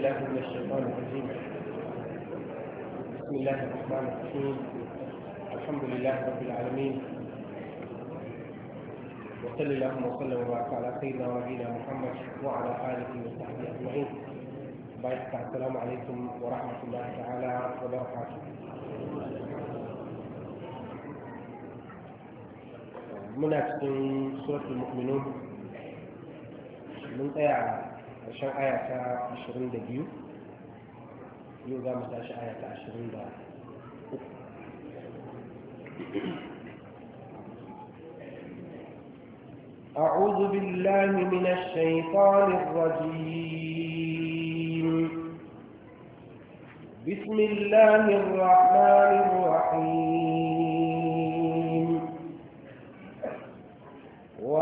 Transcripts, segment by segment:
بالله من الشيطان الرجيم بسم الله الرحمن الرحيم الحمد لله رب العالمين وصلى اللهم وسلم وبارك على سيدنا ونبينا محمد وعلى اله وصحبه اجمعين بارك السلام عليكم ورحمه الله تعالى وبركاته منافسين سوره المؤمنون من mun عشان آية ta دقيقة yau za mu tashi aya أعوذ بالله من الشيطان الرجيم بسم الله الرحمن الرحيم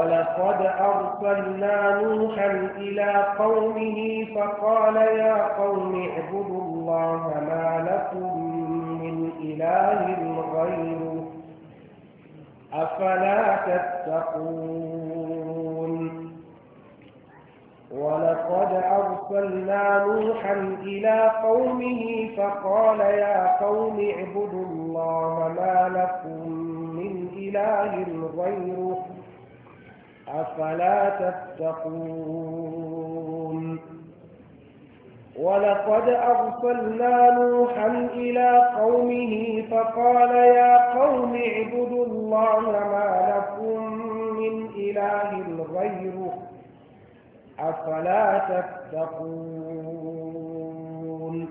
ولقد أرسلنا نوحا إلى قومه فقال يا قوم اعبدوا الله ما لكم من إله غيره أفلا تتقون ولقد أرسلنا نوحا إلى قومه فقال يا قوم اعبدوا الله ما لكم من إله غيره أفلا تتقون ولقد أرسلنا نوحا إلى قومه فقال يا قوم اعبدوا الله ما لكم من إله غيره أفلا تتقون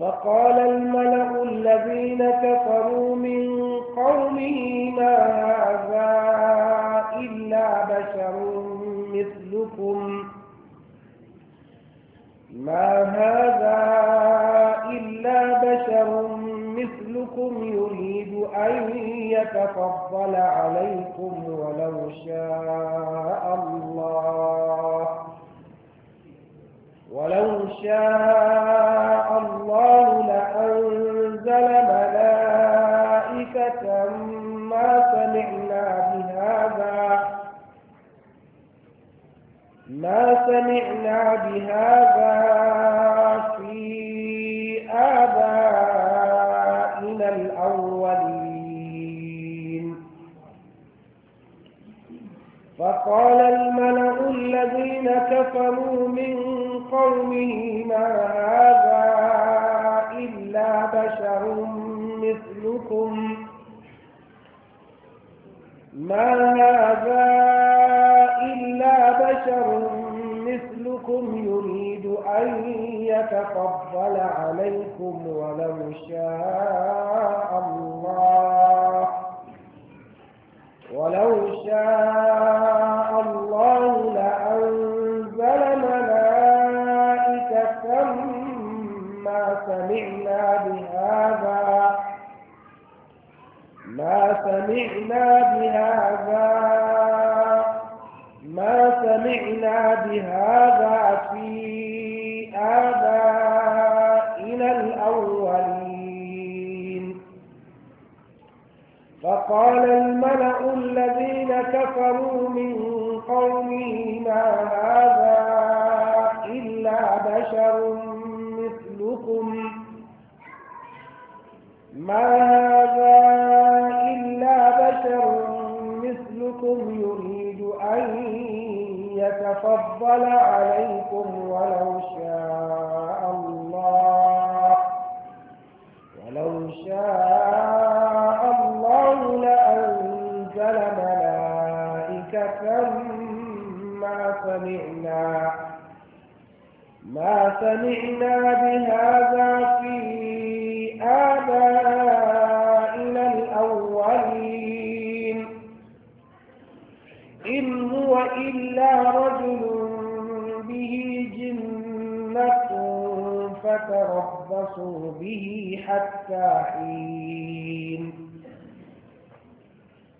فقال الملأ الذين كفروا من قومه ما هذا بشر مثلكم ما هذا إلا بشر مثلكم يريد أن يتفضل عليكم ولو شاء الله ولو شاء ما سمعنا بهذا في آبائنا الأولين فقال الملأ الذين كفروا من قومه ما هذا إلا بشر مثلكم ما هذا بشر مثلكم يريد أن يتفضل عليكم ولو شاء الله ولو شاء الله لأنزل ملائكة ما سمعنا بهذا ما سمعنا بهذا ما سمعنا بهذا في آبائنا الأولين فقال الملأ الذين كفروا من قومه ما هذا إلا بشر مثلكم ما هذا إلا بشر تفضل عليكم ولو شاء الله ولو شاء الله لأنزل ملائكة ما سمعنا ما سمعنا بها الساحين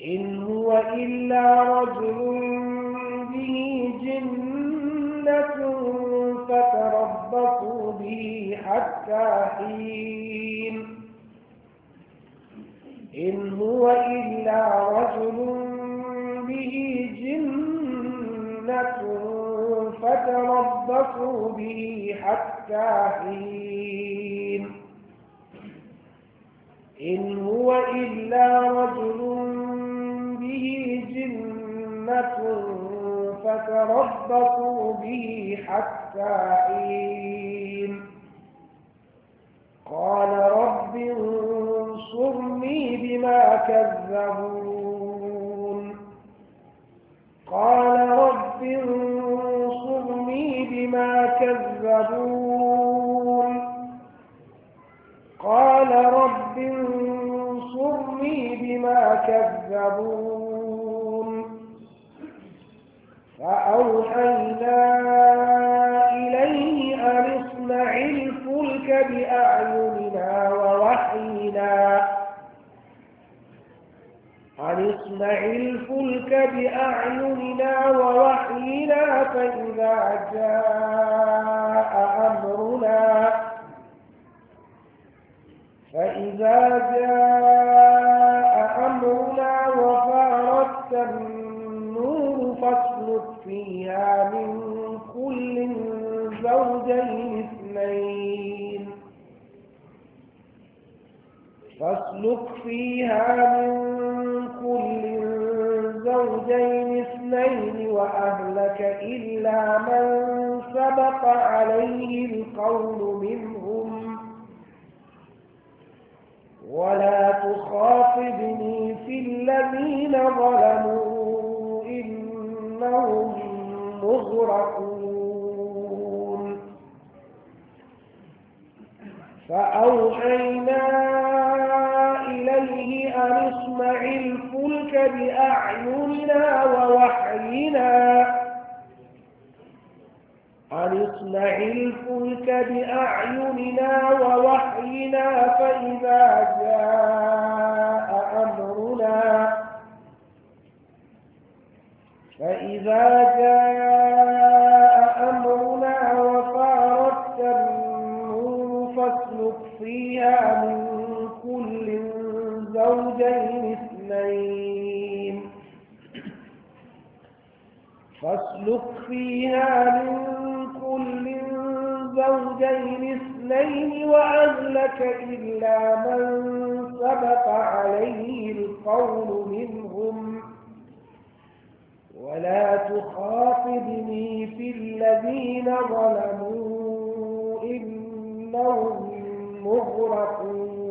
إن هو إلا رجل به جنة فتربصوا به حتى حين إن هو إلا رجل به جنة فتربصوا به حتى حين إلا رجل به جنة فتربصوا به حتى حين قال رب انصرني بما كذبون قال رب انصرني بما كذبون قال رب كذبون فأوحينا إليه أن اصنع الفلك بأعيننا ووحينا أن اصنع الفلك بأعيننا ووحينا فإذا جاء أمرنا فإذا جاء النور فاسلك فيها من كل زوجين اثنين فاسلك فيها من كل زوجين اثنين وأهلك إلا من سبق عليه القول منه ولا تخاطبني في الذين ظلموا إنهم مغرقون فأوحينا إليه أن اسمع الفلك بأعيننا ووحينا أن اصنع الفلك بأعيننا ووحينا فإذا جاء أمرنا فإذا جاء أمرنا وفارت النور فاسلك فيها من كل زوجين اثنين فاسلك فيها من الزوجين اثنين وأهلك إلا من سبق عليه القول منهم ولا تخاطبني في الذين ظلموا إنهم مغرقون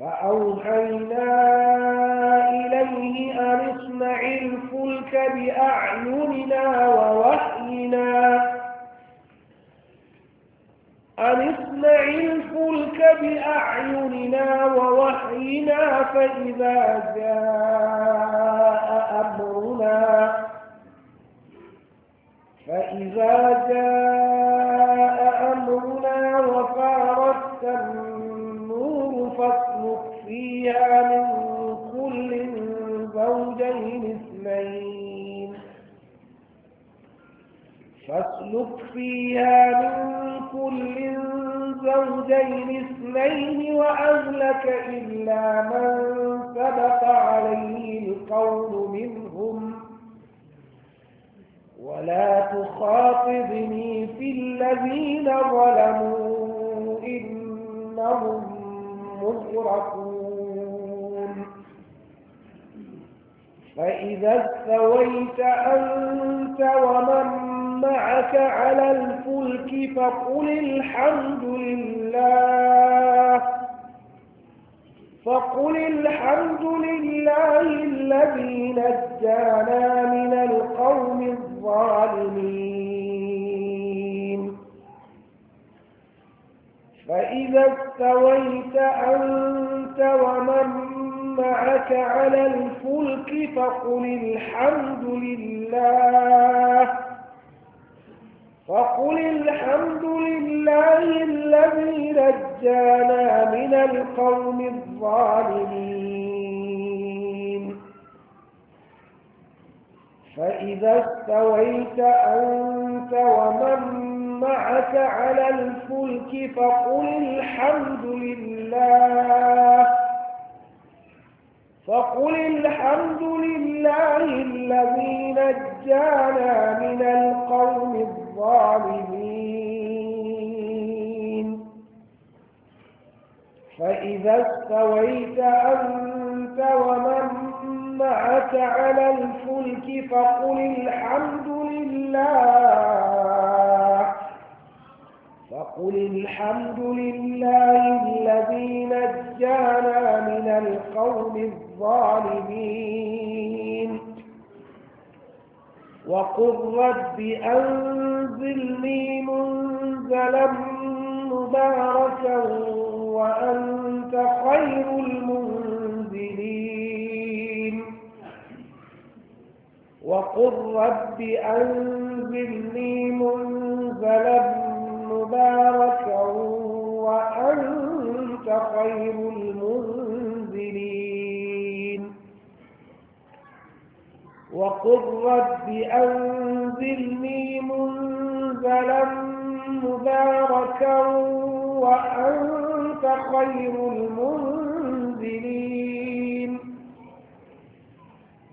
فأوحينا إليه أن اصنع الفلك بأعيننا ووحينا أن اصنع الفلك بأعيننا ووحينا فإذا جاء أمرنا فإذا جاء فيها من كل زوجين اثنين وأهلك إلا من سبق عليه القول منهم ولا تخاطبني في الذين ظلموا إنهم مغرقون فإذا استويت أنت ومن معك على الفلك فقل الحمد لله فقل الحمد لله الذي نجانا من القوم الظالمين فإذا استويت أنت ومن معك على الفلك فقل الحمد لله فقل الحمد لله الذي نجانا من القوم الظالمين فإذا استويت أنت ومن معك على الفلك فقل الحمد لله فقل الحمد لله الذي نجانا من القوم الظالمين الظالمين فإذا استويت أنت ومن معك على الفلك فقل الحمد لله فقل الحمد لله الذي نجانا من القوم الظالمين وقل رب أنت منزل منزلا مباركا وأنت خير المنزلين وقل رب أنزلني منزلا مباركا وأنت خير المنزلين وقل رب أنزلني منزلا مرسلا مباركا وأنت خير المنزلين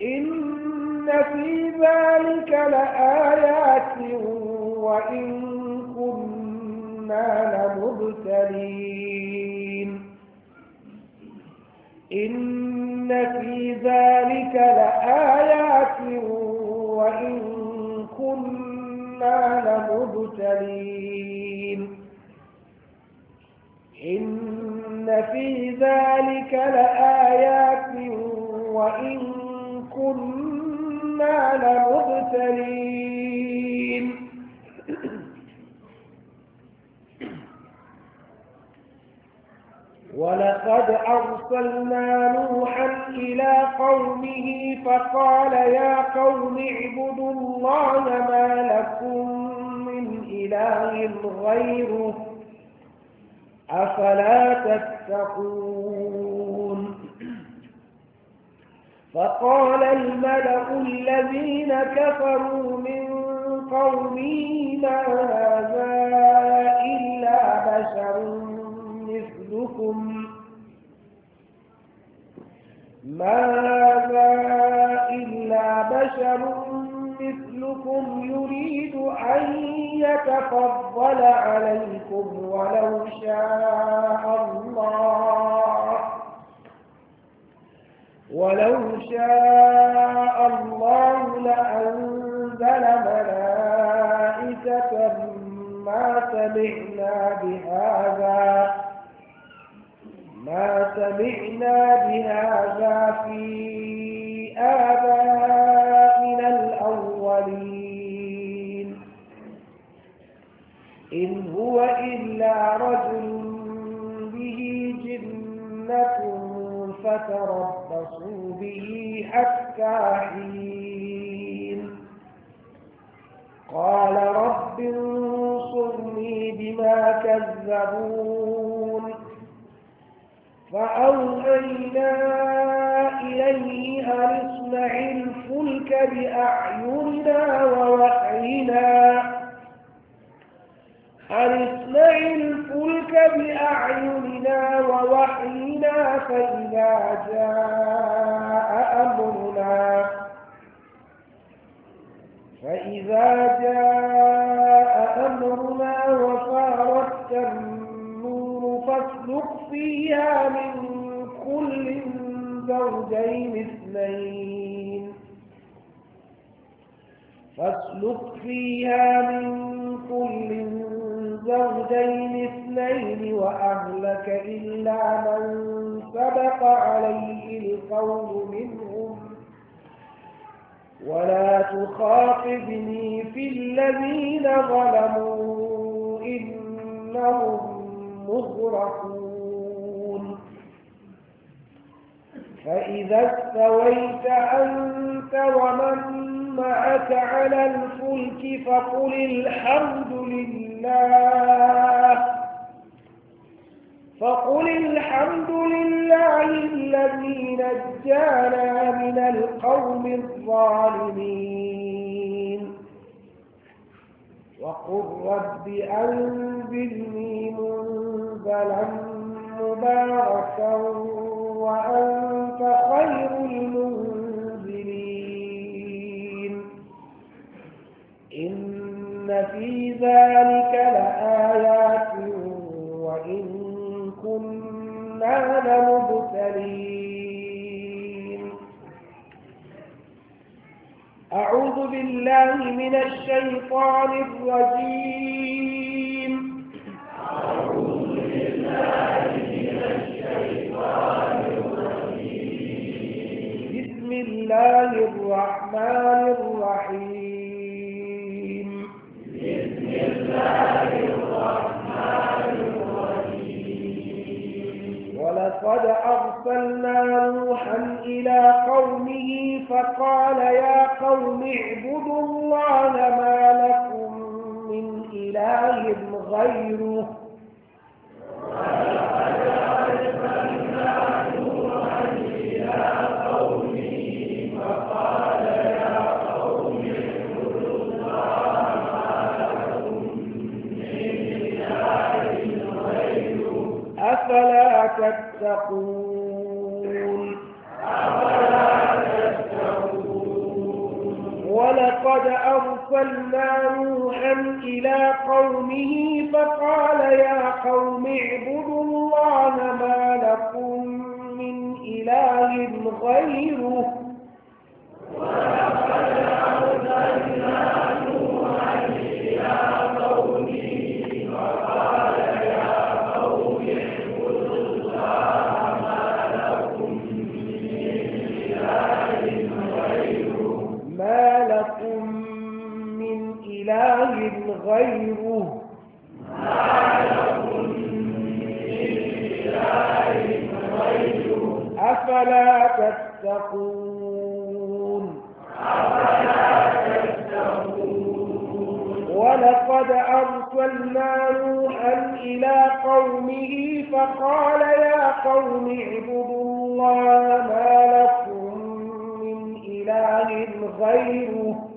إن في ذلك لآيات وإن كنا لمبتلين إن في ذلك لآيات وإن كنا لمبتلين إن في ذلك لآيات وإن كنا لمبتلين ولقد أرسلنا نوحا إلى قومه فقال يا قوم اعبدوا الله ما لكم من إله غيره أفلا تتقون فقال الملأ الذين كفروا من قومه هذا إلا بشر مثلكم يريد أن يتفضل عليكم ولو شاء الله ولو شاء الله لأنزل ملائكة ما سمعنا بهذا ما سمعنا بهذا في آبائنا الأولين إن هو إلا رجل به جنة فتربصوا به حتى حين قال رب انصرني بما كذبون فأوغينا إليه أن اصنع الفلك بأعيننا ووحينا أن اصنع الفلك بأعيننا ووحينا فإذا جاء أمرنا فإذا جاء أمرنا وصارت النور فاسلك فيها من كل زوجين اثنين فاسلك فيها من كل زوجين اثنين وأهلك إلا من سبق عليه القول منهم ولا تخاطبني في الذين ظلموا إنهم مغرقون فإذا استويت أنت ومن معك على الفلك فقل الحمد لله فقل الحمد لله الذي نجانا من القوم الظالمين وقل رب أنزلني منزلا مباركا وأنزلني خير المنذرين إن في ذلك لآيات وإن كنا لمبتلين أعوذ بالله من الشيطان الرجيم أعوذ بالله الله الرحمن الرحيم بسم الله الرحمن الرحيم ولقد أرسلنا نوحا إلى قومه فقال يا قوم اعبدوا الله ما لكم من إله غيره ولقد تتقون ولقد أرسلنا نوحا إلى قومه فقال يا قوم اعبدوا الله ما لكم من إله غيره تتقون ولقد أرسلنا نوحا إلى قومه فقال يا قوم اعبدوا الله ما لكم من إله غيره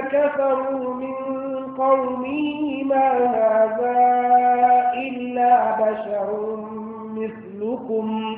كفروا من قومه ما هذا إلا بشر مثلكم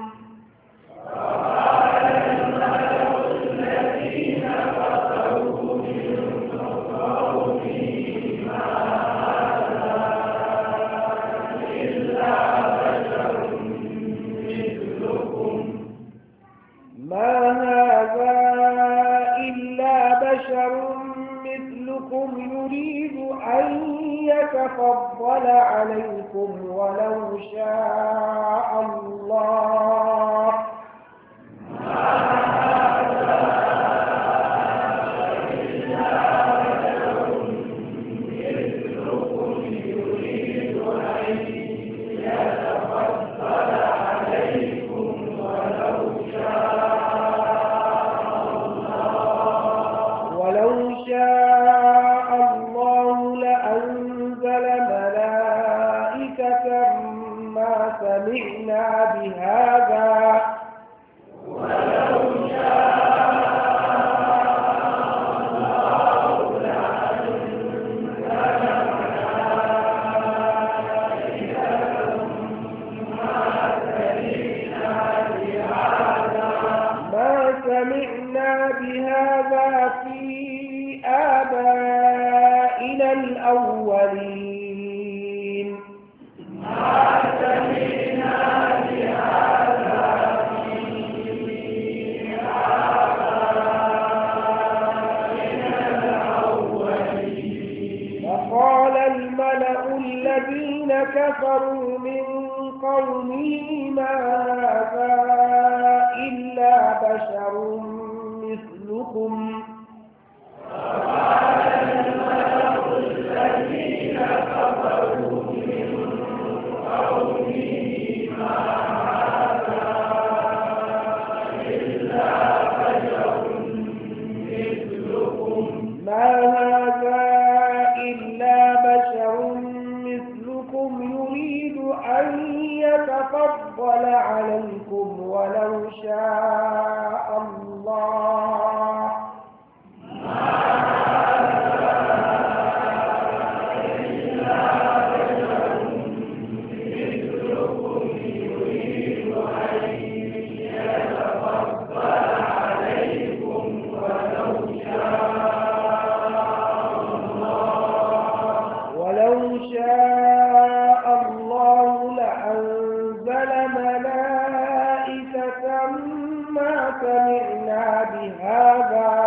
سمعنا بهذا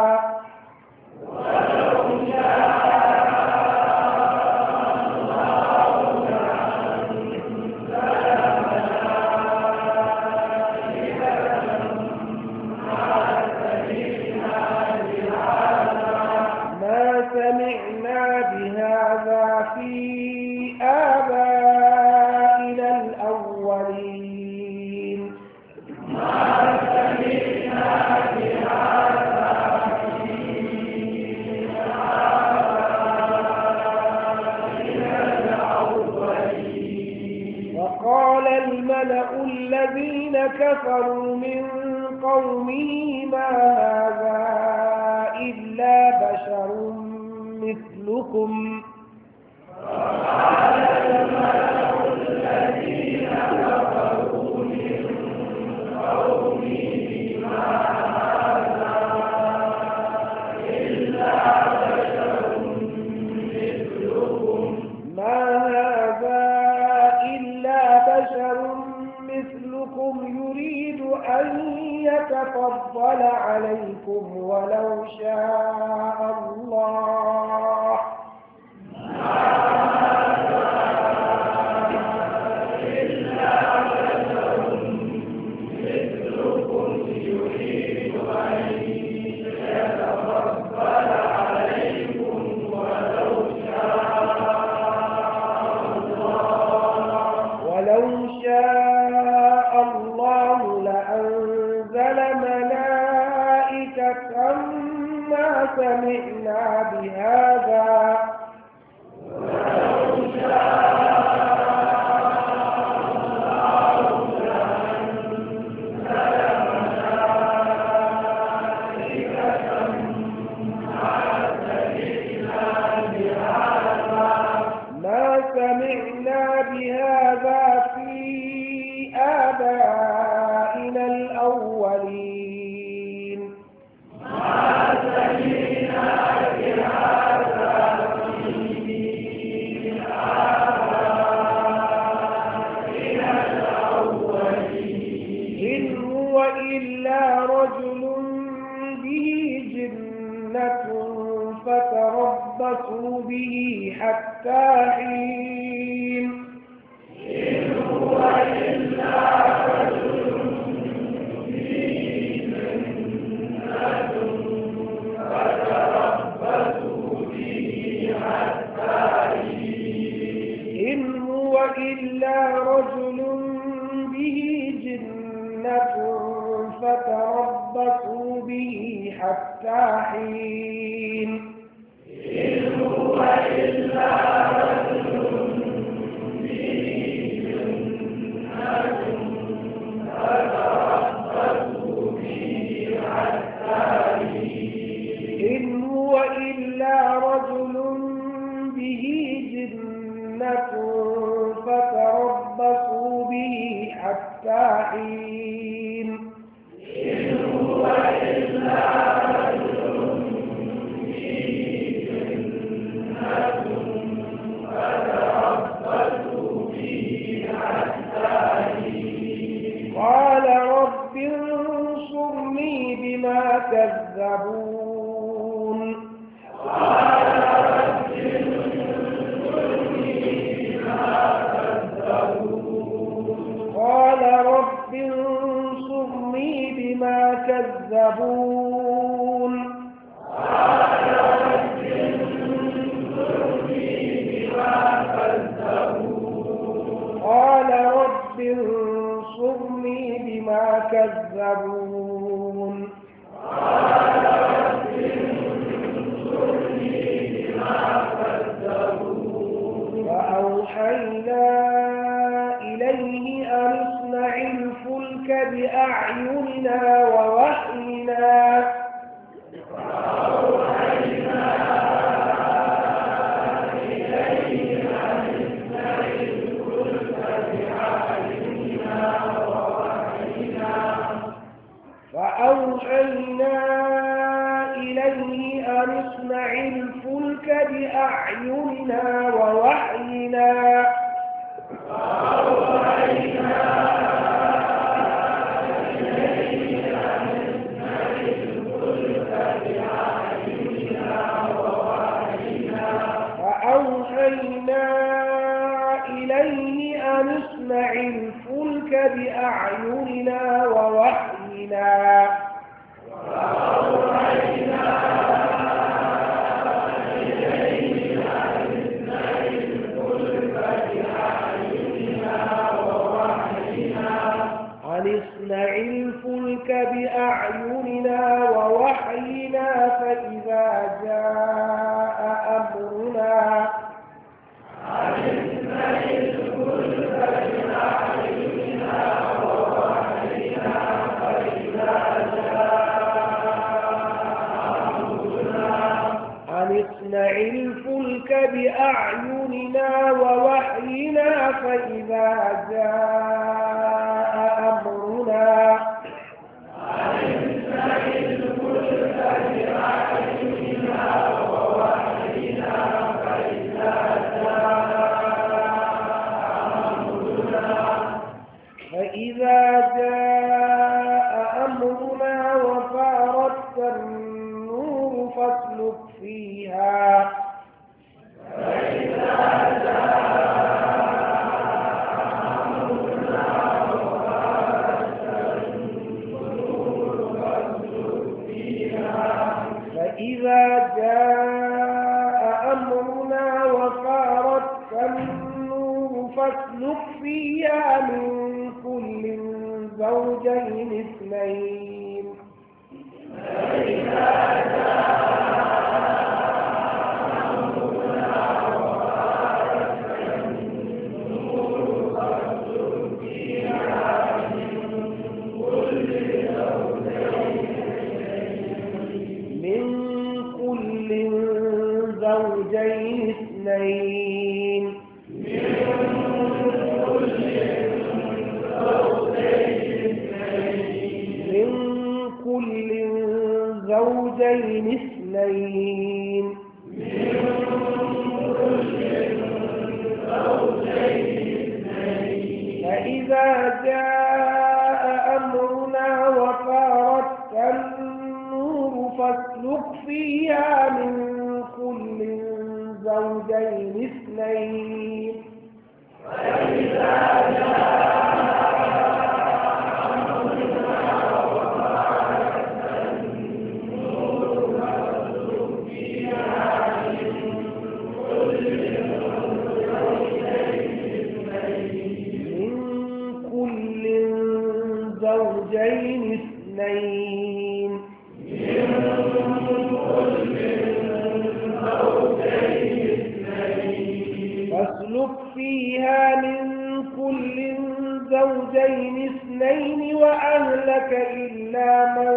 زوجين اثنين وأهلك إلا من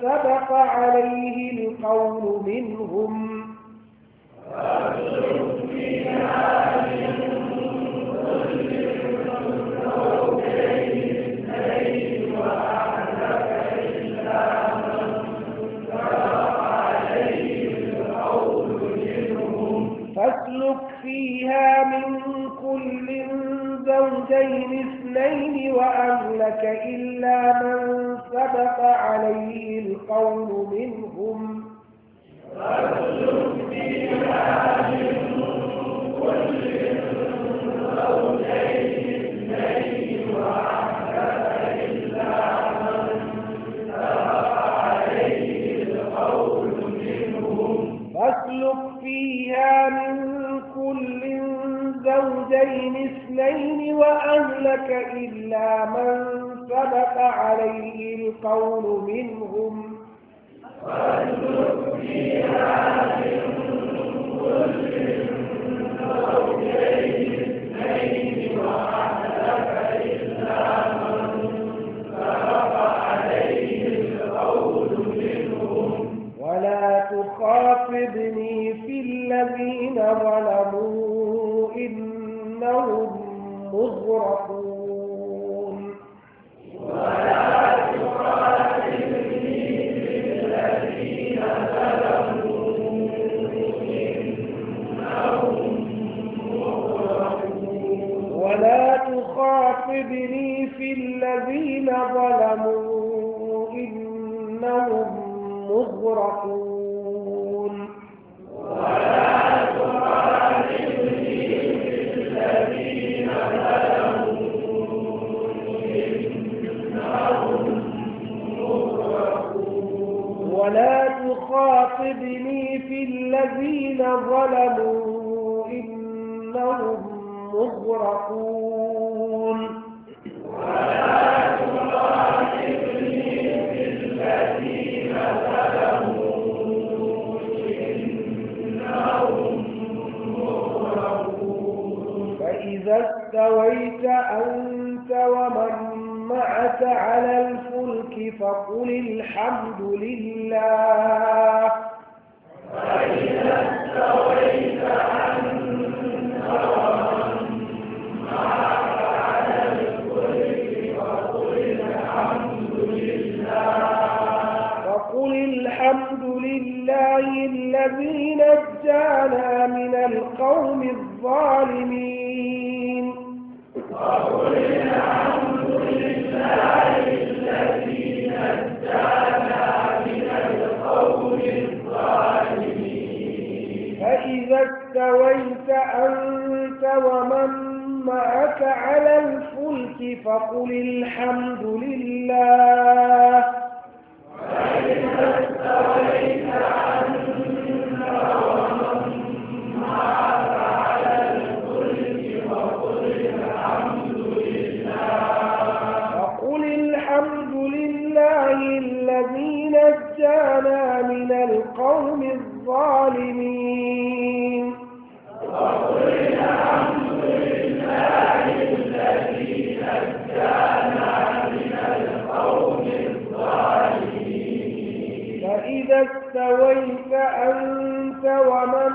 سبق عليه القول منهم فاسلك فيها من كل زوجين الليل وأهلك إلا من سبق عليه القول منهم كل زوجين وأهلك إلا من سبق عليه القول منهم فاسلك فيها من كل زوجين اثنين لك إلا من سبق عليه القول منهم وانظر فيها من كل إلا من سبق عليه القول منهم ولا تخاطبني في الذين ظلموا إنهم مغرقون خاطبني في الذين ظلموا إنهم مغرقون ولا تخاطبني في الذين ظلموا إنهم مغرقون ولا تخاطبني في الذين ظلموا إنهم مغرقون فإذا استويت أنت ومن وَسَعَتْ عَلَى الْفُلْكِ فَقُلِ الْحَمْدُ لِلَّهِ فَإِذَا اسْتَوَيْتَ مَعَكَ عَلَى الْفُلْكِ فَقُلِ الْحَمْدُ لِلَّهِ الْحَمْدُ الَّذِي نَجَّانَا مِنَ الْقَوْمِ الظَّالِمِينَ استويت أنت ومن معك على الفلك فقل الحمد لله وإذا أنت ومن معك على الفلك فقل الحمد لله نجانا من القوم الظالمين استويت أنت ومن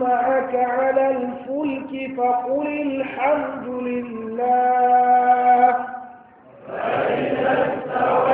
معك على الفلك فقل الحمد لله فإذا استويت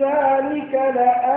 ذلك لآية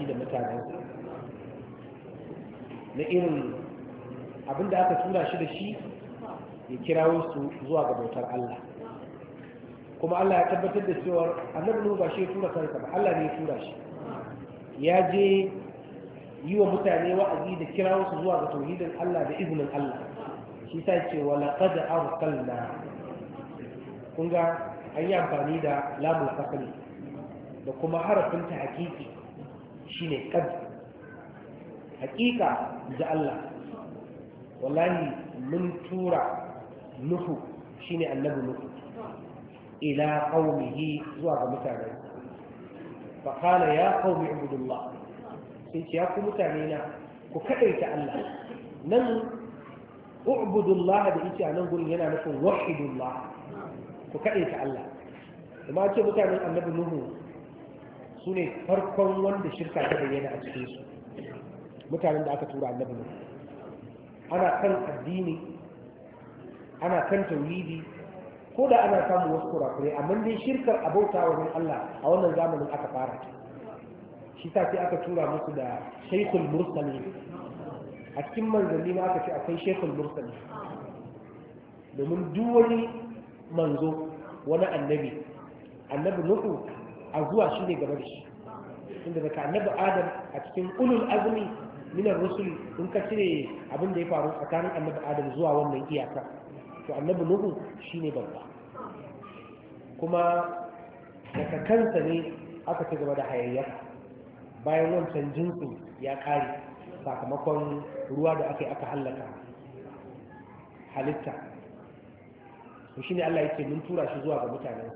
shi da mutanensa na irin abinda aka tura shi da shi ya kirawo su zuwa ga bautar Allah kuma Allah ya tabbatar da cewa annabi Nuhu ba shi ya tura kansa ba Allah ne ya tura shi ya je yi wa mutane wa'azi da kirawo su zuwa ga tauhidin Allah da izinin Allah shi ta ce wa laqad arsalna kun ga an yi amfani da lamul fasli da kuma harafin ta hakiki shine kad hakika da Allah wallahi mun tura nuhu shine annabi nuhu ila ƙaunihi zuwa ga mutane fa ya qaumi ibudullah sai ce ya ku mutane na ku kadaita Allah nan ubudullah da ita a nan gurin yana nufin wahidullah ku kaɗaita Allah kuma ce mutanen annabi nuhu su ne farkon wanda shirka ta bayyana a cikin su mutanen da aka tura annabi ne ana kan addini ana kan tauhidi ko da ana samu wasu kurakurai amma dai shirkar abauta wajen Allah a wannan zamanin aka fara ta shi ta sai aka tura musu da shaykhul mursali a cikin manzanni ma aka ce akwai shaykhul mursali domin duk wani manzo wani annabi annabi nuhu a zuwa shi ne gaba da shi inda daga annabi adam a cikin ulul azumi minar rusul in ka cire abin da ya faru tsakanin annabi adam zuwa wannan iyaka to annabi nuhu shi ne babba kuma daga kansa ne aka ci gaba da hayayya bayan wancan jinsin ya kare sakamakon ruwa da aka yi aka hallaka halitta to shine Allah yake mun tura shi zuwa ga mutanen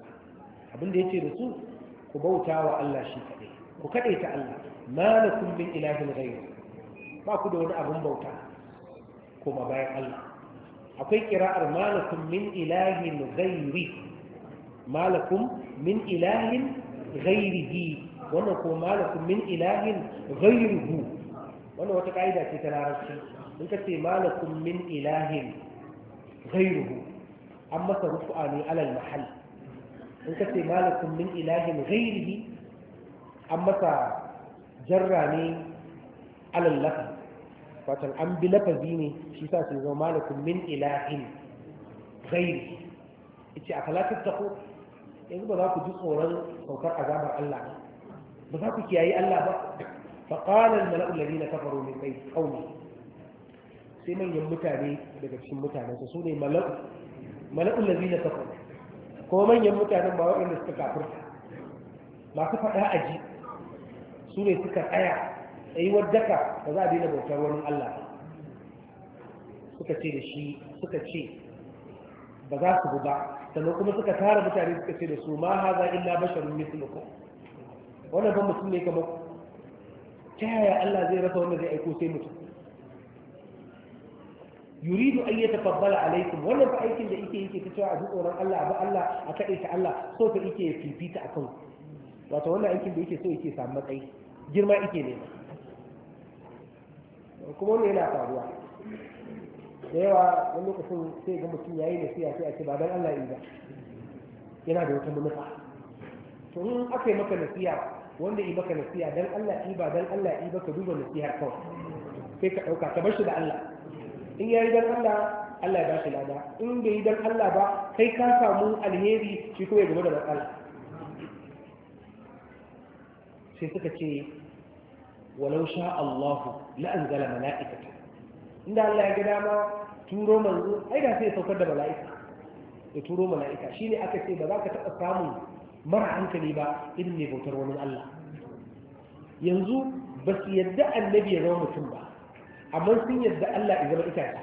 abin da yake da su ku bauta wa Allah shi kaɗai ku kaɗai ta Allah ma na kullum ilahin gairu ba ku da wani abin bauta kuma bayan Allah akwai kira'ar malakum min ilahin gairi malakum min ilahin gairihi wannan ko malakum min ilahin gairihu wannan wata ka'ida ce ta larabci in ka ce malakum min ilahin gairuhu an masa rufu'a ne alal mahal in ka ce malakun min ilahin ghairihi an masa jarra ne alal lafa an bi lafazi ne shi sa sun zama malakun min ilahin ghairi ita a falatar tako yanzu ba za ku ji tsoron saukar azabar Allah ba ba za ku kiyaye Allah ba fa qala al mala'u alladhina kafaru min kai qaumi sai manyan mutane daga cikin mutanen su ne mala'u mala'u alladhina kafaru ko manyan mutanen ba waɗanda suka kafirta masu faɗa a ji su ne suka tsaya yi wadaka ba za a daina bautar wani Allah suka ce da shi suka ce ba za su ba sannan kuma suka tara mutane suka ce da su ma haza illa basharun mislukum wannan ban mutum ne kamar ta yaya Allah zai rasa wanda zai aiko sai mutum yuridu an yatafaddala alaikum wannan fa aikin da yake yake ta cewa a oran Allah ba Allah a kaɗai ta Allah so fa yake fifita a kan wato wannan aikin da yake so yake samu matsayi girma yake ne kuma wannan yana faruwa da yawa wani lokacin sai ga mutum yayi nasiha sai a ce ba dan Allah in ba yana da wata manufa to in aka yi maka nasiha wanda yi maka nasiha dan Allah yi ba dan Allah yi ba ka duba nasiha kawai sai ka ɗauka ka bar shi da Allah in ya yi don Allah Allah ya bashi lada in bai yi don Allah ba kai ka samu alheri shi kuma ya gaba da matsala sai suka ce walau sha Allahu la'anzala mala'ikata inda Allah ya ga dama turo manzo ai da sai saukar da mala'ika ya turo mala'ika shine aka ce ba za ka taɓa samun mara hankali ba irin ne bautar wani Allah yanzu ba su yadda annabi ya zama mutum ba amma sun yadda Allah ya zama itace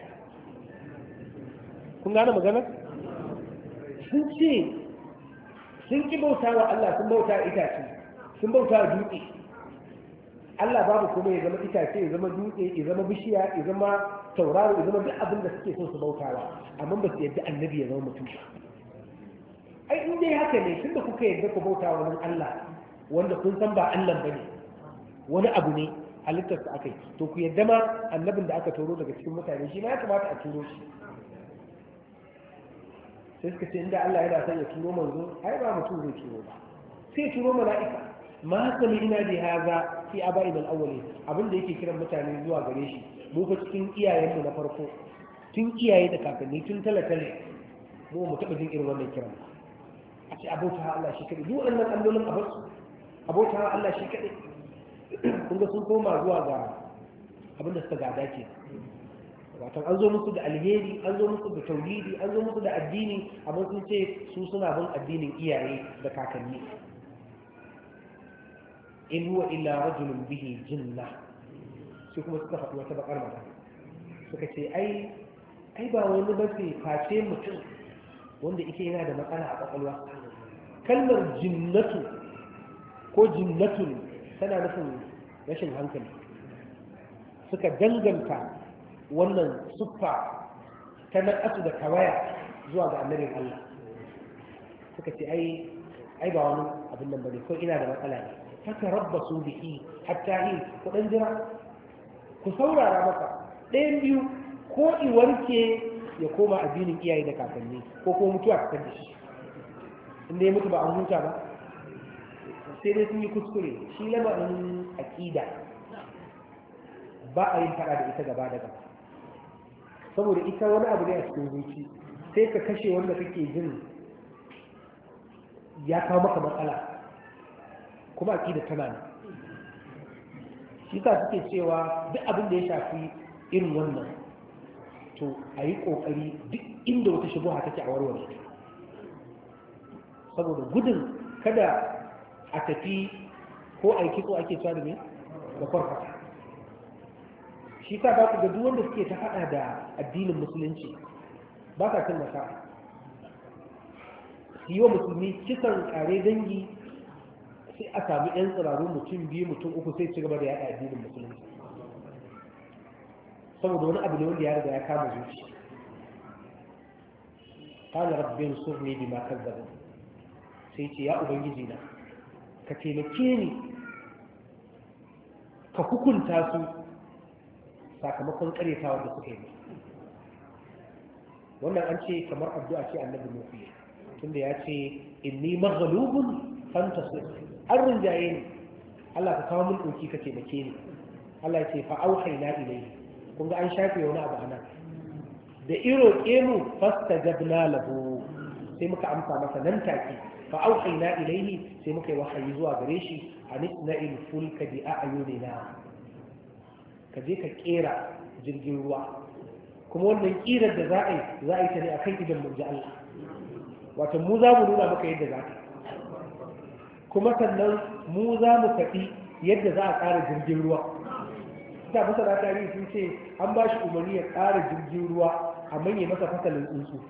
kun gane magana sun ce sun ki bauta wa Allah sun bauta wa itace sun bauta wa dutse Allah babu kuma ya zama itace ya zama dutse ya zama bishiya ya zama tauraro ya zama duk abin da suke so su bautawa amma ba su yadda annabi ya zama mutum ai in dai haka ne tun kuka yadda ku bauta wa wani Allah wanda kun san ba Allah ba ne wani abu ne halittarsa aka yi to ku yadda ma annabin da aka turo daga cikin mutane shi ma ya kamata a turo shi sai suka ce inda Allah yana son ya turo manzo ai ba mutum zai turo ba sai turo mala'ika ma sami ina da haza fi aba'in al-awwali abin da yake kiran mutane zuwa gare shi mu fa cikin iyayenmu na farko tun iyaye da kakanni tun talatale mu mu taba jin irin wannan kiran a ce abota Allah shi kadai duk wannan allolin abota Allah shi kadai kun ga sun koma zuwa ga abin da suka gada ke watan an zo musu da alheri an zo musu da tauridi an zo musu da addini abin sun ce su suna bin addinin iyaye da kakanni in huwa illa rajulun bihi jinna su kuma suka faɗi wata bakar magana suka ce ai ai ba wani ba ce face mutum wanda yake yana da matsala a kwakwalwa kalmar jinnatu ko jinnatun tana nufin rashin hankali suka danganta wannan suffa ta na'atu da kawaya zuwa ga annabin Allah suka ce ai ai ba wani abin nan bane ko ina da matsala ne haka rabba su bihi hatta yi ku dan jira ku saurara maka ɗayan biyu ko i warke ya koma addinin iyaye da kakanni ko ko mutuwa ta kashe shi inda ya mutu ba an huta ba sai dai sun yi kuskure shi labarin aƙida ba a yin faɗa da ita gaba da saboda ita wani abu ne a cikin zuci sai ka kashe wanda kake jin ya kawo maka matsala kuma akida tana ne shi ka suke cewa duk abin da ya shafi irin wannan to a yi ƙoƙari duk inda wata shubuha take a warware saboda gudun kada a tafi ko a kitso ake cewa da me da farko shi sa ba ku ga duk wanda suke ta hada da addinin musulunci ba sa cin masa su yi wa musulmi kisan kare dangi sai a sami yan tsirarun mutum biyu mutum uku sai ci gaba da yada addinin musulunci saboda wani abu ne wanda ya riga ya kama zuci قال رب انصرني بما كذبوا sai ce ya ubangiji na ka taimake ni ka hukunta su sakamakon karyatawa da suka yi wannan an ce kamar abdu'a ce annabi mafi tunda ya ce inni maghlubun fantasir an rinjaye ni Allah ka kawo min ɗauki ka taimake ni Allah ya ce fa na ilayhi kun ga an shafe wani abu anan da iro kemu fasta gabna labo sai muka amsa masa nan take fa na ilayhi sai muka yi wahayi zuwa gare shi anis na fulka bi na. ka je ka kera jirgin ruwa kuma wannan kirar da za a yi za a yi ta ne akan idan mun ji Allah wato mu za mu nuna maka yadda za ka kuma sannan mu za mu faɗi yadda za a ƙara jirgin ruwa da masana tarihi sun ce an ba shi umarni ya ƙara jirgin ruwa a manya masa fasalin tsuntsu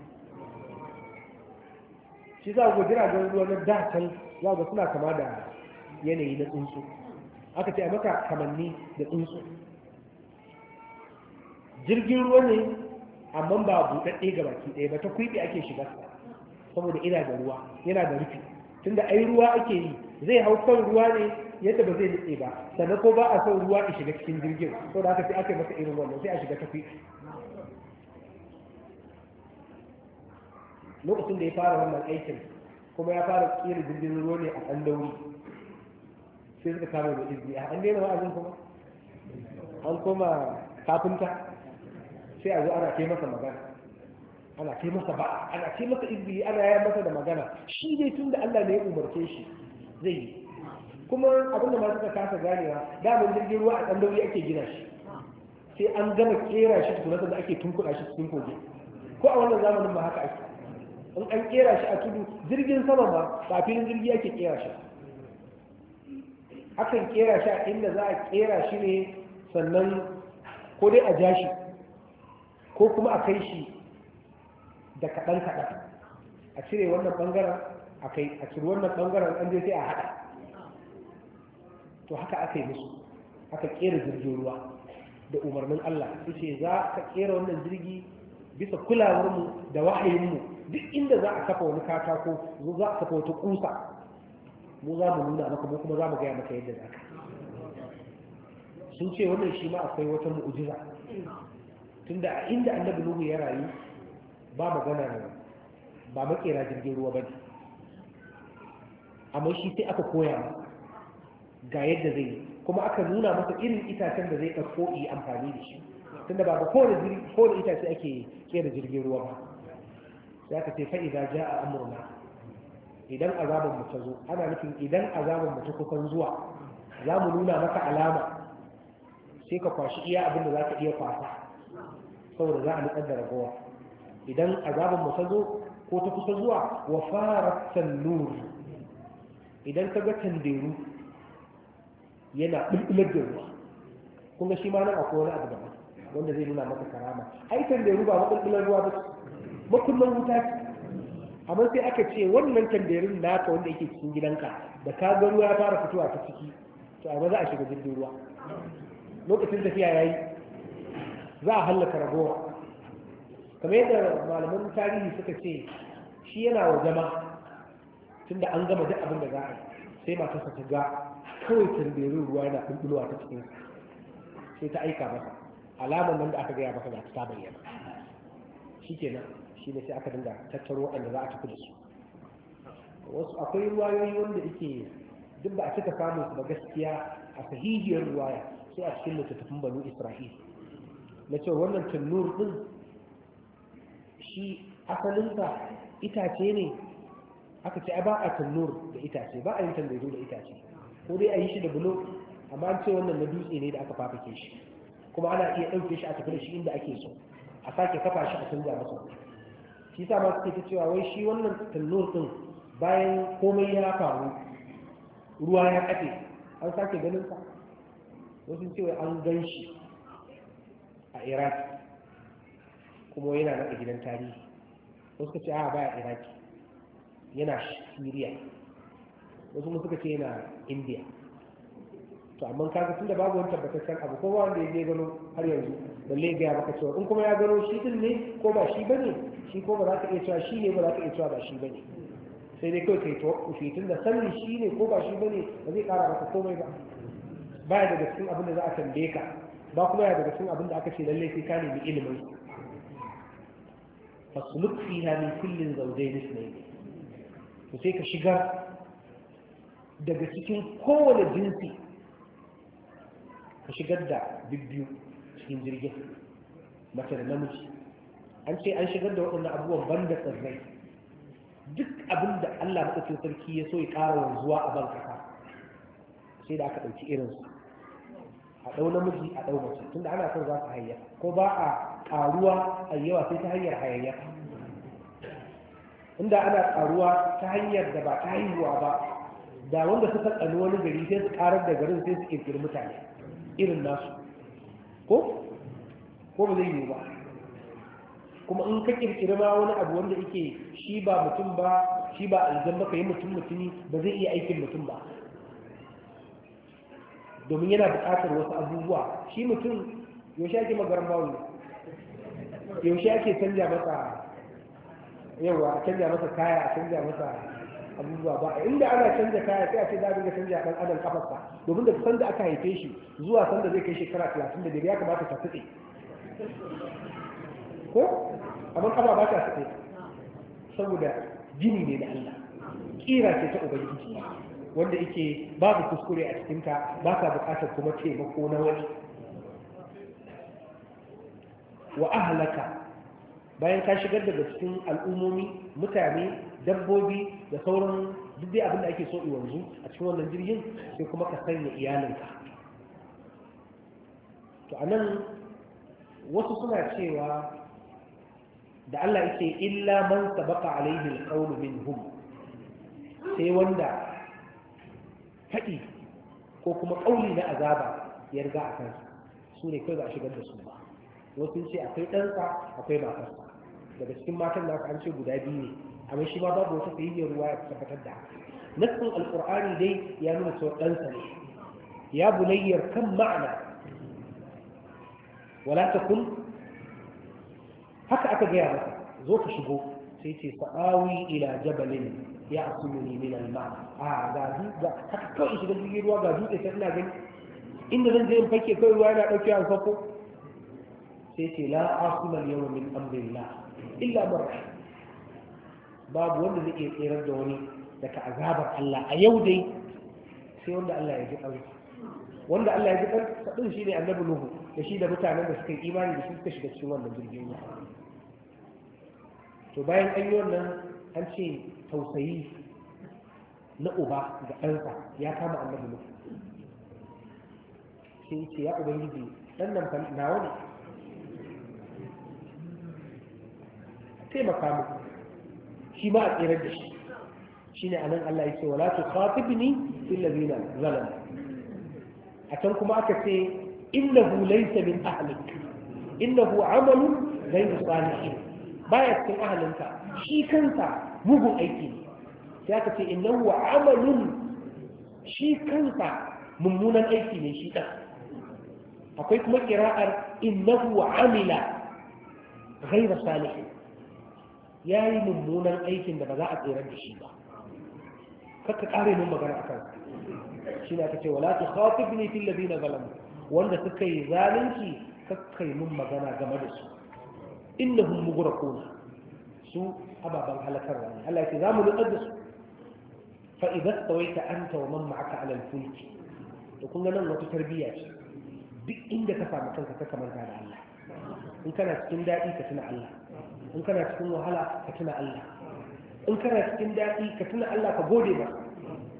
shi za a jiragen ruwa na datan za ku suna kama da yanayi na tsuntsu aka ce a maka kamanni da tsuntsu jirgin ruwa ne amma ba buɗaɗɗe ga baki ɗaya ba ta kwiɓi ake shiga saboda ina da ruwa yana da rufi tunda ai ruwa ake yi zai hau kan ruwa ne yadda ba zai nutse ba sannan ko ba a son ruwa a shiga cikin jirgin saboda aka sai ake masa irin wannan sai a shiga ta lokacin da ya fara wannan aikin kuma ya fara kiyar jirgin ruwa ne a ɗan dauri sai suka kama da izini a an daina wa'azin kuma an koma kafinta sai a zo ana kai masa magana ana kai masa ba ana kai masa izini ana yaya masa da magana shi dai tun da Allah ne ya umarce shi zai yi kuma abinda ma suka kasa ganewa damar jirgin ruwa a ɗan dauri ake gina shi sai an gama kera shi tukuna da ake tunkuɗa shi cikin kogi ko a wannan zamanin ba haka ake in an kera shi a tudu jirgin sama ba ba filin jirgi ake kera shi akan kera shi a inda za a kera shi ne sannan ko dai a jashi shi ko kuma a kai shi da kaɗan kaɗan a cire wannan ɓangaren a kai a cire wannan ɓangaren an je a haɗa to haka aka yi musu aka kera jirgin ruwa da umarnin Allah su ce za ka kera wannan jirgi bisa kulawarmu da wahayinmu duk inda za a kafa wani katako za a kafa wata kusa mu za mu nuna maka mu kuma za mu gaya maka yadda za ka sun ce wannan shi ma akwai wata mu'ujiza tunda a inda annabi nuhu ya rayu ba magana ne ba makera jirgin ruwa bane amma shi sai aka koya ga yadda zai yi kuma aka nuna masa irin itacen da zai ɗauko yi amfani da shi tunda ba ga kowane itace ake kera jirgin ruwa ba za ka ce fa'iza ja a amurna idan azabin mu ta zo ana nufin idan azabin mu ta kukan zuwa za mu nuna maka alama sai ka kwashi iya abin da za ka iya kwasa saboda za a nutsar da ragowa idan azabin mu ta zo ko ta kusa zuwa wa fara sannuri idan ka ga tanderu yana ɓulɓular da ruwa kuma shi ma nan akwai wani abu daban wanda zai nuna maka karama ai tanderu ba maɓulɓular ruwa ba makullin wuta ce amma sai aka ce wannan da naka wanda yake cikin gidanka da ka ga ruwa ya fara fitowa ta ciki to a za a shiga jirgin ruwa lokacin tafiya yayi za a hallaka ragowa kamar yadda malaman tarihi suka ce shi yana wa zama tunda an gama duk abin da za a sai matarsa ta ga kawai tanderin ruwa yana bulbulowa ta cikin sai ta aika masa alamar nan da aka gaya masa za ta bayyana shikenan shi ne sai aka dinga tattaro waɗanda za a tafi da su wasu akwai ruwayoyi wanda yake duk ba a cika samun su ba gaskiya a sahihiyar ruwaya sai a cikin littattafan banu isra'il na cewa wannan tannur din shi asalinsa itace ne aka ce ba a tannur da itace ba a yin tandozo da itace ko dai a yi shi da bulo amma an ce wannan na dutse ne da aka fafake shi kuma ana iya ɗauke shi a tafi da shi inda ake so a sake kafa shi a canza masa shi sa masu ke cewa wai shi wannan tannur din bayan komai ya faru ruwa ya kafe an sake ganin sa wasu ce wai an gan shi a iraq kuma yana na gidan tarihi wasu ce a baya iraq yana syria wasu suka ce yana india to amma kaga tunda babu wani tabbataccen abu ko wanda ya gano har yanzu balle ga ya maka cewa in kuma ya gano shi din ne ko ba shi bane shi ko ba za ka iya cewa shi ne ba za ka iya cewa ba shi bane sai dai kawai kai tawakkufi da sanin shi ne ko ba shi bane ba zai kara maka komai ba baya daga cikin abin da za a tambaye ka ba kuma ya daga cikin abin da aka ce lalle sai ka nemi ilimin fasluk fiha min kullin zawjayn ithnayn to sai ka shiga daga cikin kowane jinsi ka shigar da bibbiyu cikin jirgin mace da namiji an ce an shigar da waɗannan abubuwan ban da tsirrai duk abin da Allah maɗaukin sarki ya so ya ƙara wanzuwa a ban kasa sai da aka ɗauki irinsu a ɗau namiji a ɗau mace tunda ana son za su hayya ko ba a ƙaruwa a yawa sai ta hanyar hayayya inda ana ƙaruwa ta hanyar da ba ta haihuwa ba da wanda suka tsani wani gari sai su ƙarar da garin sai su ƙirƙiri mutane irin nasu ko ko ba zai yi ba kuma in ka kirkiri ma wani abu wanda yake shi ba mutum ba shi ba aljan ba yi mutum mutumi ba zai iya aikin mutum ba domin yana buƙatar wasu abubuwa shi mutum yaushe ake magaran bawon yaushe ake canja masa yawa a canja masa kaya a canja masa abubuwa ba inda ana canza kaya sai a ce za a dinga canja kan adam kafarsa domin da sanda aka haife shi zuwa sanda zai kai shekara 35 ya kamata ta tsitse ko amma kafa ba ta tsitse saboda jini ne da Allah kira ce ta ubangiji wanda yake babu kuskure a cikinta ba ka bukatar kuma taimako na wani wa ahlaka bayan ka shigar daga cikin al'ummomi mutane dabbobi da sauran duk dai abin da ake so yanzu a cikin wannan jirgin sai kuma ka sanya iyalinka to a nan wasu suna cewa da Allah yake illa man sabaka alaihi alqawlu minhum sai wanda faɗi ko kuma ƙauli na azaba ya riga a kansu su ne kai ba a shigar da su ba wasu ce akwai ɗansa akwai matarsa daga cikin matan naka an ce guda biyu ne amma shi ma babu wata sahihin ruwa ya tabbatar da nassin alqur'ani dai ya nuna sauƙansa ne ya bunayyar kan ma'ana wala takun haka aka gaya masa zo ka shigo sai ce sa'awi ila jabalin ya asumuni min alma a ga ga haka kawai shiga jirgin ruwa ga dutse sai ina gani inda zan je in fake kai ruwa yana dauke an sako sai ce la asuma yawma min amrillah illa barah babu wanda zai iya tserar da wani daga azabar Allah a yau dai sai wanda Allah ya ji ƙarfi wanda Allah ya ji ƙarfi shi ne annabi Nuhu da shi da mutanen da suka yi imani da suka shiga cikin wannan jirgin ruwa to bayan an yi wannan an ce tausayi na uba ga ɗansa ya kama annabi Nuhu sai ce ya ubangiji ɗan nan nawa ne taimaka muku shi ma a tsirar da shi Shi ne a nan Allah ya yake wala tukhatibni fil ladina zalamu a can kuma aka ce innahu laysa min ahlik innahu amalu ghayr salih baya cikin ahlinka shi kansa mugun aiki ne sai aka ce innahu amalun shi kansa mummunan aiki ne shi ɗan akwai kuma kira'ar innahu amila ghayra salihin ya yi mummunan aikin da ba za a tsere da shi ba kakka kare mun magana akan shi na ta ce wala tu khatibni fil ladina zalamu wanda suka yi zalunci kakka yi mun magana game da su innahum mughraqun su ababan halakarwa ne Allah ya ce zamu lutsar da su fa idza tawaita anta wa man ma'aka ala al-fulk to kun ga nan wata tarbiyya ce duk inda ka samu kanka ka kamanta da Allah in kana cikin daɗi ka tuna Allah in kana cikin wahala ka tuna Allah in kana cikin daɗi ka tuna Allah ka gode ba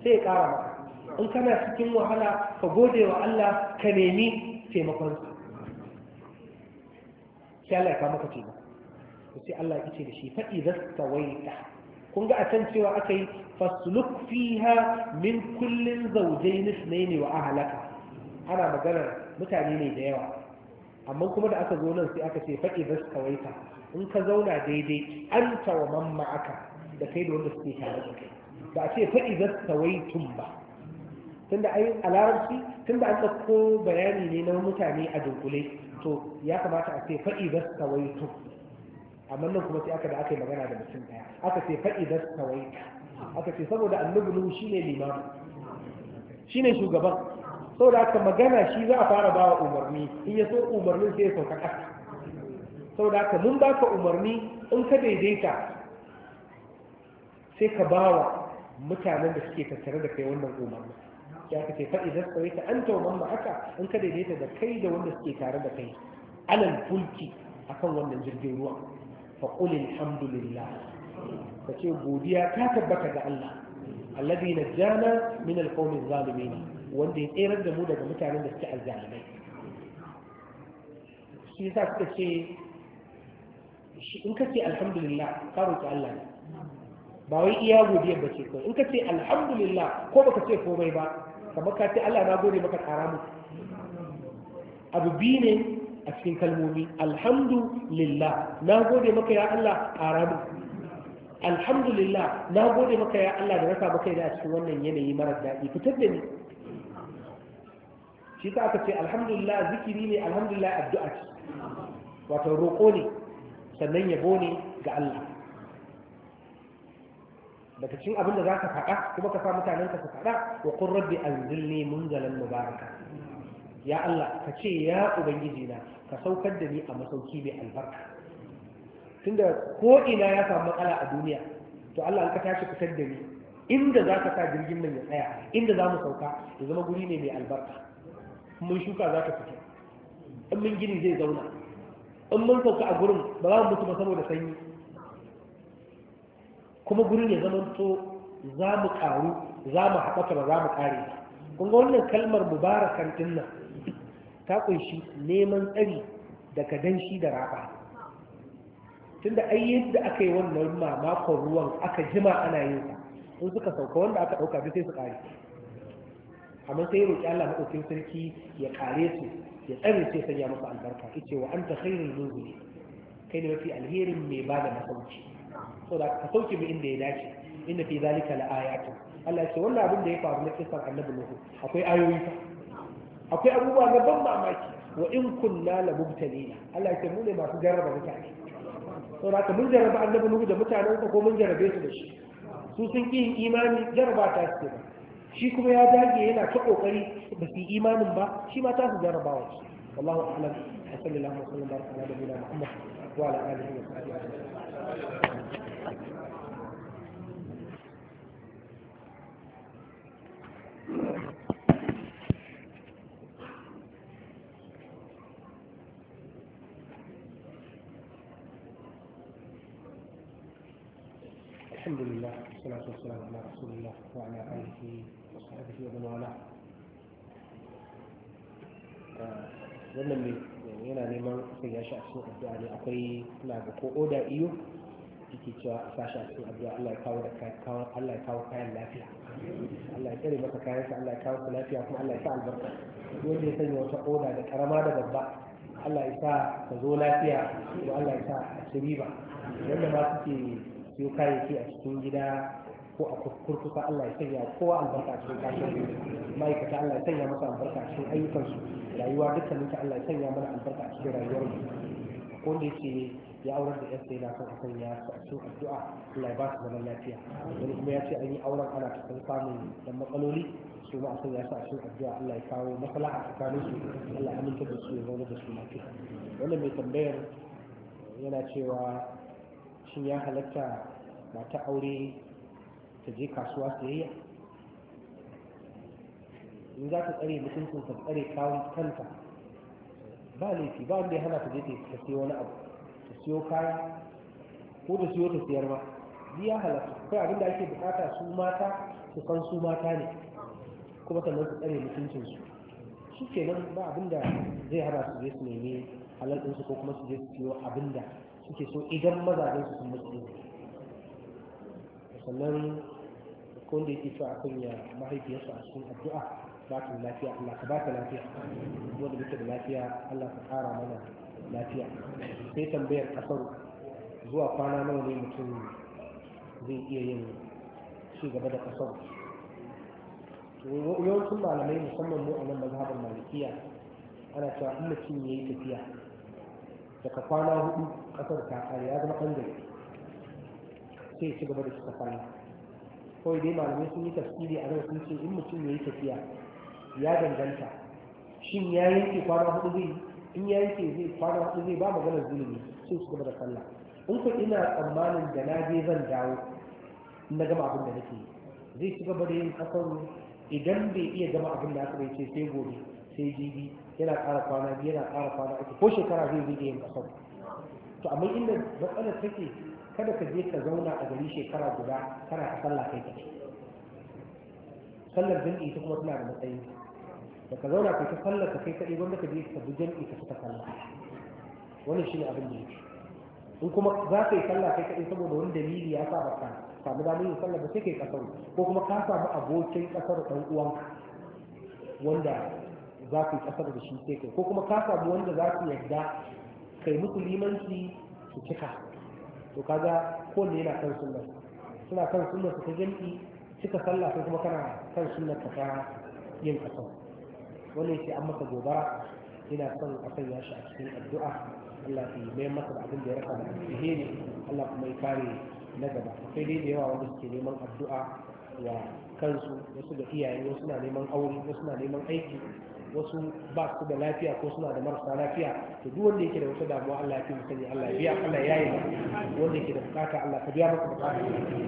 sai ya ƙara maka in kana cikin wahala ka gode wa Allah ka nemi taimakon sai Allah ya kawo maka taimako to sai Allah ya ce da shi fa idza tawaita kun ga a can cewa aka yi fasluk fiha min kullin zawjayn ithnayn wa ahlaka ana maganar mutane ne da yawa amma kuma da aka zo nan sai aka ce fa idza tawaita in ka zauna daidai an wa man ma'aka da kai da wanda suke tare da kai ba a ce fa wai tun ba tunda ai a larabci tunda an ɗauko bayani ne na mutane a dunkule to ya kamata a ce fa wai tun. amma nan kuma sai aka da aka yi magana da mutum ɗaya. aka ce fa idza tawaita aka ce saboda annabulu shine limamu shine shugaban saboda aka magana shi za a fara bawa umarni in ya so umarnin sai ya sauka ƙasa saboda haka mun baka umarni in ka daidaita sai ka bawa mutanen da suke tattare da kai wannan umarni ya ka ce faɗi zasta wai ta an tauman aka haka in ka daidaita da kai da wanda suke tare da kai alal fulki akan wannan jirgin ruwa fa qul alhamdulillah ka ce godiya ta tabbata ga Allah alladhi najjana min alqawmi zalimin wanda ya tsere da mu daga mutanen da suke azzalimai shi yasa suka ce shi in kace alhamdulillah ka roki Allah ne ba wai iya godiya ba ce kawai in ka kace alhamdulillah ko baka ce komai ba kamar ka ce Allah na gode maka kara mu abu biyu ne a cikin kalmomi alhamdulillah na gode maka ya Allah kara mu alhamdulillah na gode maka ya Allah da rasa maka da a cikin wannan yanayi marar daɗi fitar da ni shi ta aka ce alhamdulillah zikiri ne alhamdulillah addu'a ce wato roƙo ne sannan yabo ne ga Allah daga cikin abin da za ka faɗa kuma ka sa mutanen ka su faɗa wa qur rabbi anzilni munzalan mubaraka ya Allah ka ce ya ubangiji na ka saukar da ni a masauki mai albarka tunda ko ina ya samu matsala a duniya to Allah ka tashi fitar da ni inda za ka sa jirgin nan ya tsaya inda za mu sauka ya zama guri ne mai albarka mun shuka za ta fita in mun gini zai zauna in mun sauka a gurin ba za mu mutu ba saboda sanyi kuma gurin ya zama to za mu karu za mu haɓaka ba za mu kare ba kun ga wannan kalmar mubarakan ta kunshi neman tsari daga danshi da raba tunda ai yadda aka yi wannan makon ruwan aka jima ana yin sa in suka sauka wanda aka ɗauka duk sai su kare amma sai roƙi Allah maɗaukin sarki ya kare su ya tsare sai sanya maka albarka yace wa anta khairul munzili kai ne mafi alherin mai bada masauki so da ka sauke mu inda ya dace inna fi zalika laayatu Allah ce wannan abin da ya faru na kisan annabi Nuhu akwai ayoyi fa akwai abubuwa na ban mamaki wa in kunna la mubtalina Allah ce mu ne masu jarraba mutane so da ka mun jarraba annabi Nuhu da mutanen ka ko mun jarrabe su da shi su sun ki imani jarraba ta su ba shi kuma ya dage yana ta kokari ba su imanin ba shi ma ta su jarabawa ce wallahu a'lam wa sallallahu alaihi wa sallam baraka ala muhammad wa ala alihi wa sahbihi ajma'in الحمد لله والصلاة والسلام على رسول الله وعلى آله haka shi zama wala ah, wannan ne yana neman sai ya shi a cikin addu'a ne akwai suna ga ko oda iyo yake cewa a sashi a cikin addu'a Allah ya kawo da kayan Allah ya kawo kayan lafiya Allah ya tsare maka kayan sa Allah ya kawo lafiya kuma Allah ya sa albarka wanda ya sanya wata oda da karama da babba Allah ya sa ka zo lafiya ko Allah ya sa a ci riba wanda ma suke siyo kayayyaki a cikin gida ko a kurkusa Allah ya sanya kowa albarka a cikin kasuwanci ma'aikata Allah ya sanya masa albarka a cikin ayyukansu rayuwa dukkanin ta Allah ya sanya mana albarka a cikin rayuwar mu ko da yake ya aurar da yarsa yana son a sanya a cikin addu'a Allah ya ba su zaman lafiya wani kuma ya ce an yi auren ana cikin samun dan matsaloli su ma a sanya su a cikin addu'a Allah ya kawo maslaha tsakanin su Allah ya aminta da su ya zauna da su lafiya wannan mai tambayar yana cewa shin ya halatta mata aure ta je kasuwa sayayya in za ta tsare mutuncin ka tsare kawo kanta ba laifi ba wanda ya hana ta je ta siyo wani abu ta siyo kaya ko ta siyo ta siyar ma biya halatta kai abin da ake bukata su mata su san su mata ne kuma sannan su tsare mutuncin su shi nan ba abin da zai hana su je su nemi halal ɗinsu ko kuma su je su siyo abin da suke so idan mazajen su sun mutu sannan ko wanda yake so a ya mahaifiyarsu a cikin addu'a ba ta lafiya Allah ka ba ta lafiya wanda muke da lafiya Allah ka ƙara mana lafiya sai tambayar kasar zuwa kwana nawa ne mutum zai iya yin ci gaba da kasar yawancin malamai musamman mu a nan mazhabar malikiya ana cewa in mutum ya yi tafiya daga kwana hudu kasar ta kare ya zama kan sai ya ci gaba da cika kwana kawai dai malamai sun yi tafsiri a nan sun ce in mutum ya yi tafiya ya danganta shin ya yanke kwana hudu zai in ya yanke zai kwana hudu zai ba maganar zulumi sai su gaba da sallah in ku ina tsammanin da na je zan dawo na gama abin da nake zai ci gaba da yin kasar idan bai iya gama abin da aka bai ce sai gobe sai jibi yana ƙara kwana biyu yana ƙara kwana uku ko shekara zai zai yin kasar to amma inda matsalar take kada ka je ka zauna a gari shekara guda kana ta sallah kai kace sallar jami'i ta kuma tana da matsayi da ka zauna kai ta sallar ka kai kaɗai wanda ka je ka bi jami'i ka fita sallah wannan shine abin da yake in kuma za ka yi sallah kai kaɗai saboda wani dalili ya sa baka samu damar yin sallah ba sai kai kasar ko kuma ka samu abokin kasar ɗan uwanka wanda za ka yi kasar da shi sai kai ko kuma ka samu wanda za su yarda kai musu limanci su cika to kaga kowanne yana kan sunnar suna kan sunnar ta jam'i cika sallah sai kuma kana kan sunnar ka ta yin kasan wannan ce an masa gobara ina son a sanya shi a cikin addu'a Allah ya mai masa da abin da ya raka da alheri Allah kuma ya kare na gaba sai dai da yawa wanda suke neman addu'a ya kansu wasu ga iyaye wasu na neman aure wasu na neman aiki wasu ba su da lafiya ko suna da marasa lafiya to duk wanda yake da wata damuwa Allah ya fi sani Allah ya biya Allah ya yi wanda yake da bukata Allah ka biya masa bukata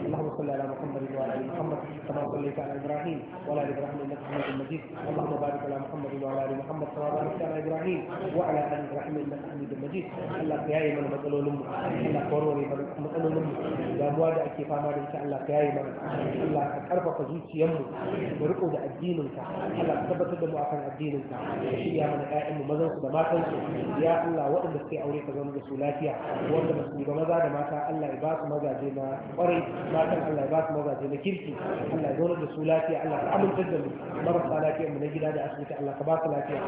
Allahumma salli ala Muhammad wa ala ali Muhammad kama sallaita ala Ibrahim wa ala ali Ibrahim innaka Hamidum Majid Allahumma barik ala Muhammad wa ala ali Muhammad kama barakta ala Ibrahim wa ala ali Ibrahim innaka Hamidum Majid Allah ka yaye mana matsalolin mu Allah ka warware mana matsalolin mu damuwa da ake fama da ita Allah ka yaye mana Allah ka karfafa zuciyarmu mu riko da addinin ka Allah ka tabbatar da mu akan addini addinin ka shirya mana ƴaƴan mu mazan su da matan su ya Allah waɗanda suke aure ka zama da su lafiya wanda ba su ba maza da mata Allah ya ba su mazaje na ƙwarai matan Allah ya ba su mazaje na kirki Allah ya zauna da su lafiya Allah ka amintar da mu marasa lafiya mu na gida da asibiti Allah ka ba su lafiya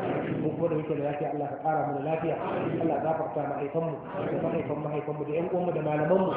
mu kuma da muke da lafiya Allah ka ƙara mana lafiya Allah gafarta mahaifan mu da mahaifan mahaifan mu da ƴan uwan da malaman mu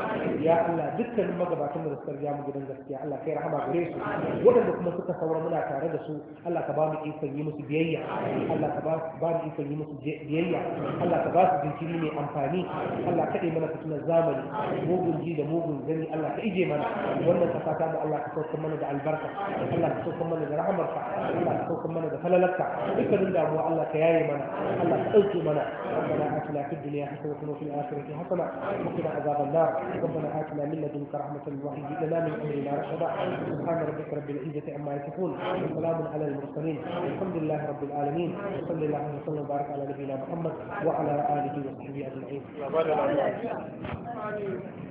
ya Allah dukkanin magabatan mu da suka riga mu gidan gaskiya Allah kai rahama gare su waɗanda kuma suka saura muna tare da su Allah ka ba mu ikon yi musu biyayya Allah ka ba mu ikon yi musu biyayya Allah ka ba su jinkiri mai amfani Allah ka ɗai mana fitinar zamani mugun ji da mugun gani Allah ka ije mana wannan kasa ta mu Allah ka saukar mana da albarka Allah ka saukar mana da rahamarka Allah ka saukar mana da falalarka dukkanin damuwa Allah ka yaye mana Allah ka ɗauke mana ربنا آتنا في الدنيا حسنة وفي الآخرة حسنة وقنا عذاب النار ربنا آتنا من لدنك رحمة وهيئ لنا من أمرنا رشدا سبحان ربك رب العزة عما يصفون وسلام على المرسلين والحمد لله رب العالمين وصلى الله وسلم وبارك على نبينا محمد وعلى آله وصحبه أجمعين